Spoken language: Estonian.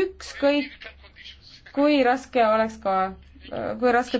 ükskõik kui raske oleks ka, äh, kui rasked